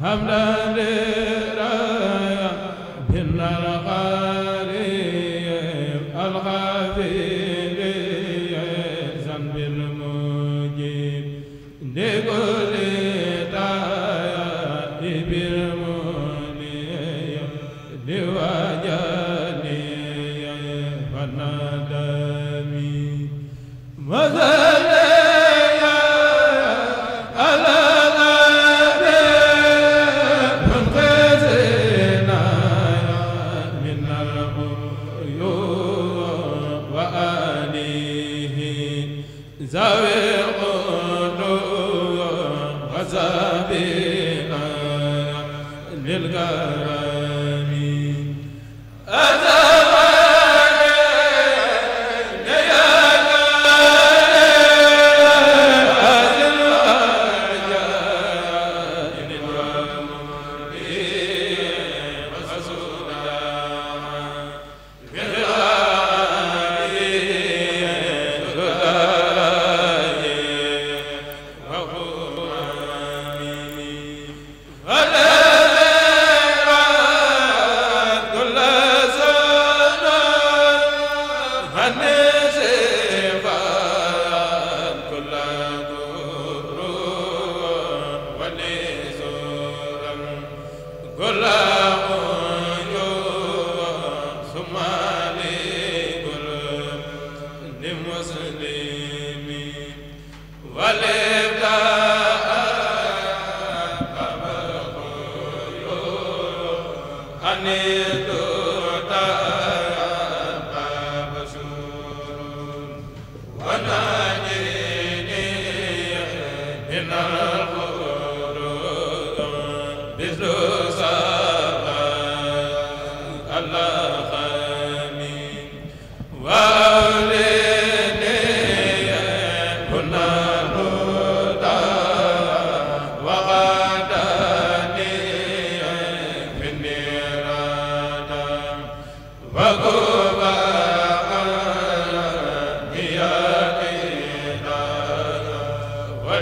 hamdan li rabbil alamin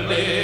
salli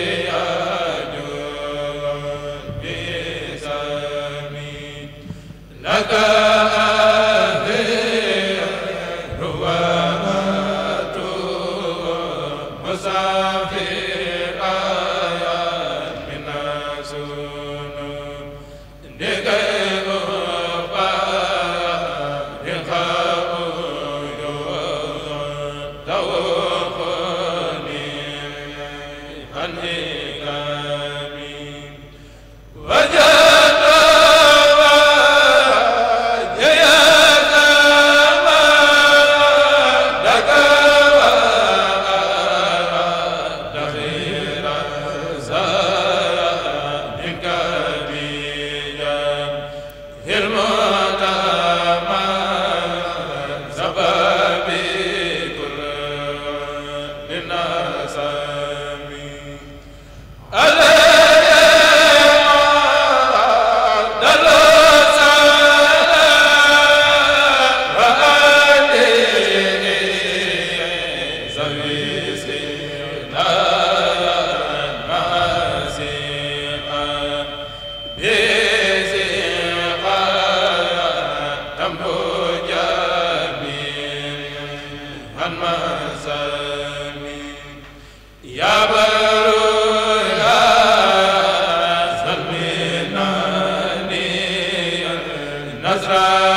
asra euh,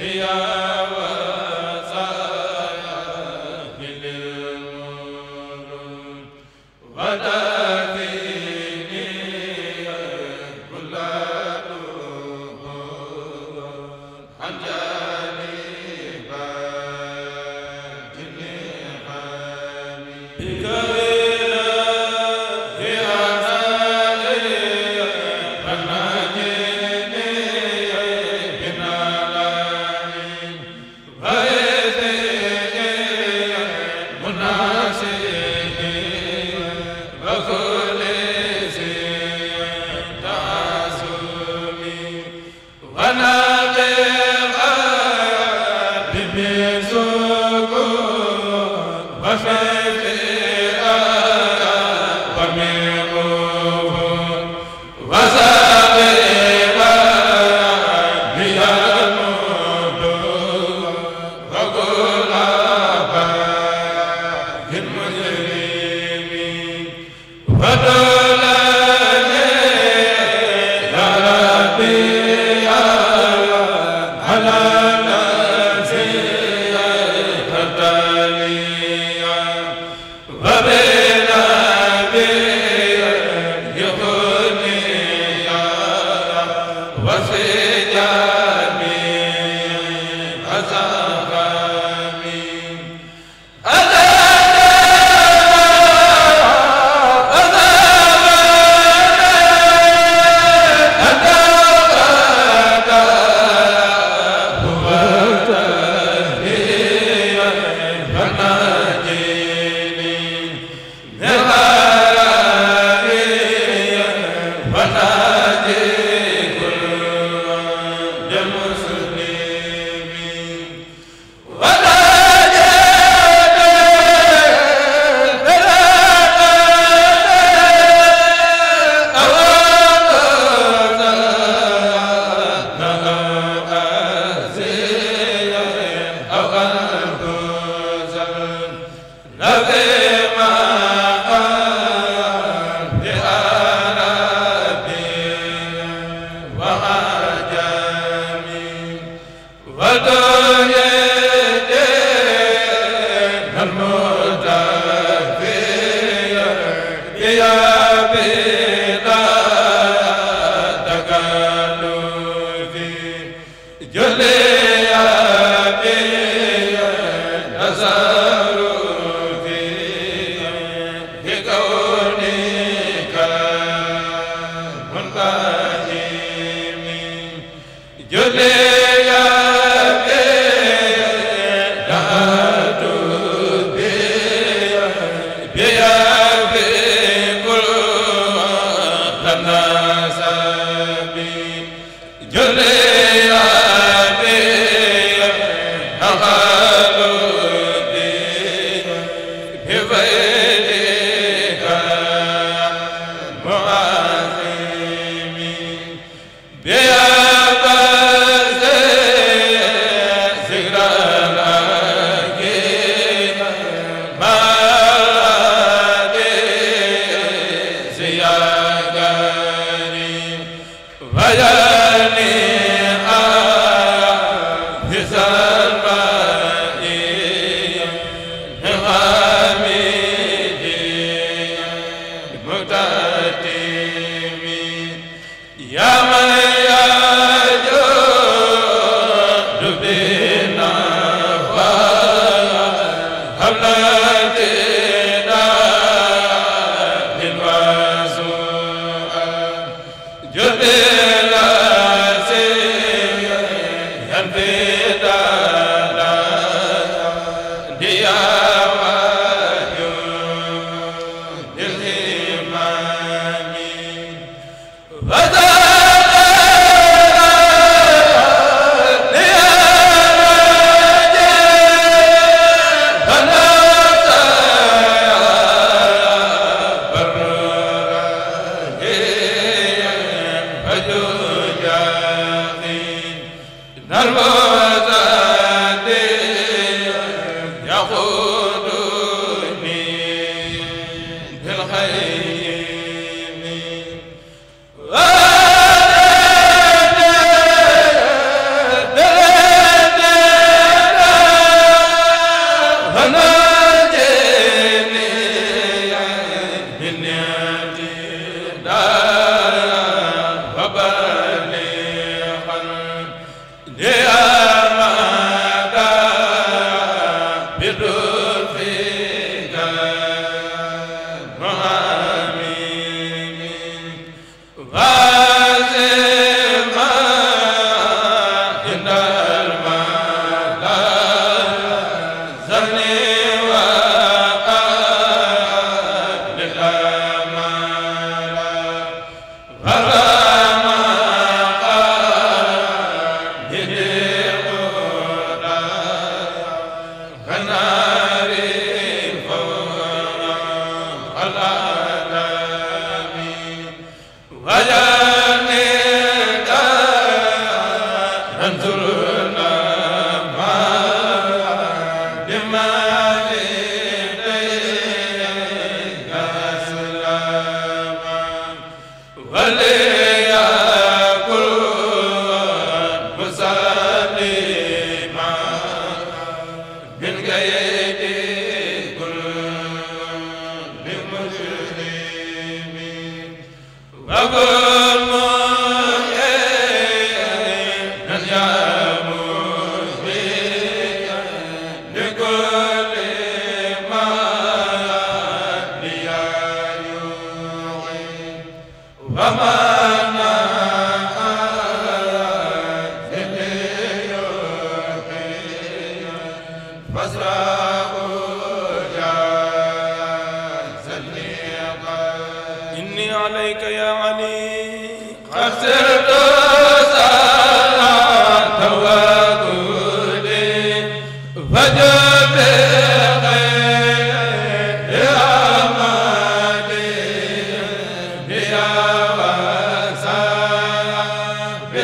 yaa bi jële lahu waaw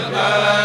Bismillah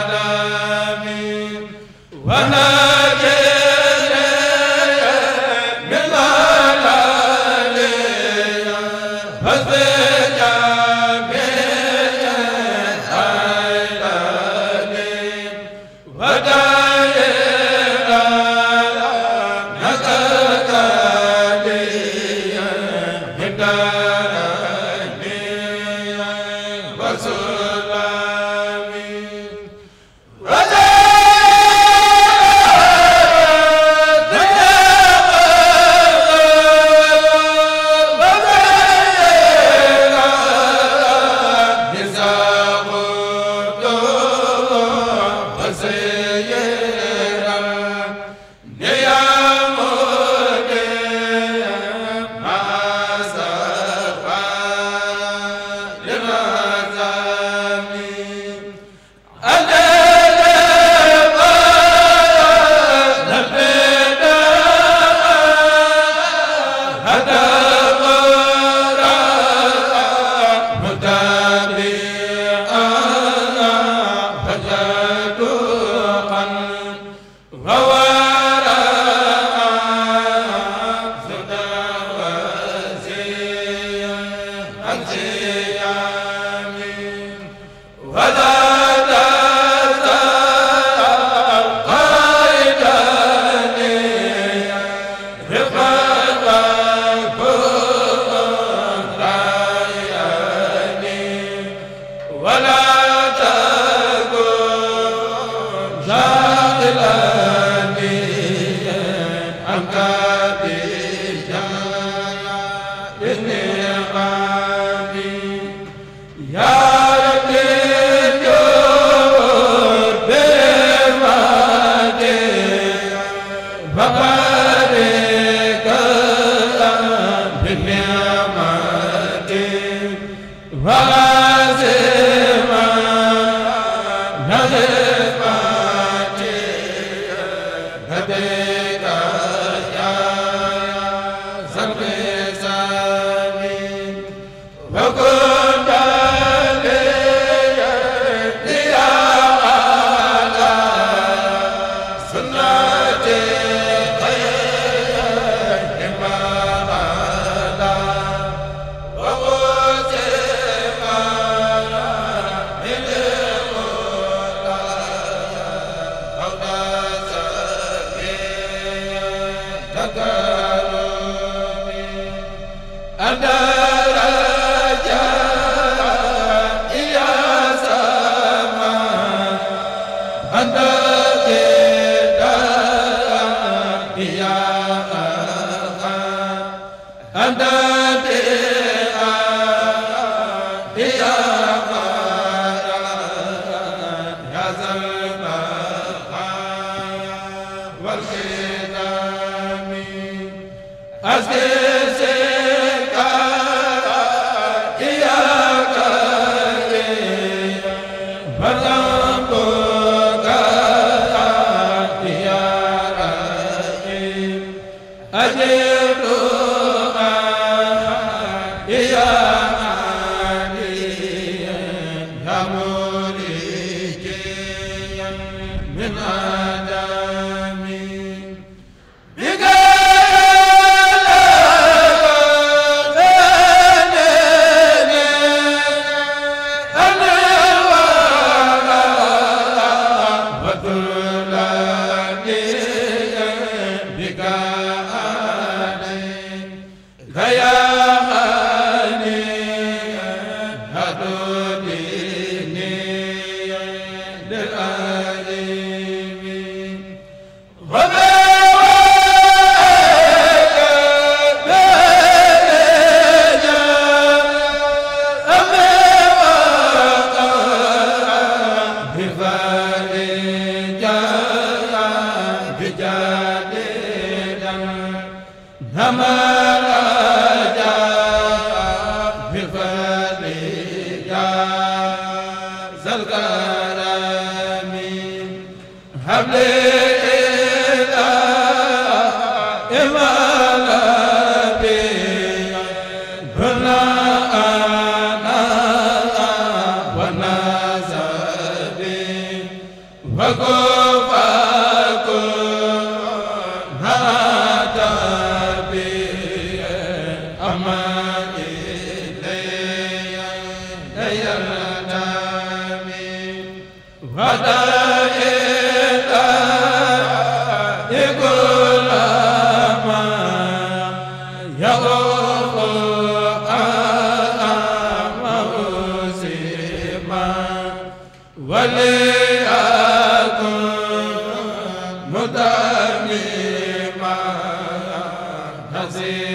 hable azim